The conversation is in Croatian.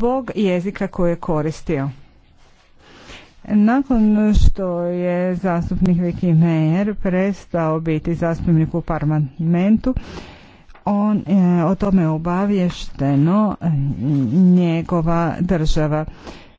Bog jezika koje je koristio. Nakon što je zastupnik Viki Meyer prestao biti zastupnik u parlamentu, on je o tome obavješteno e, njegova država.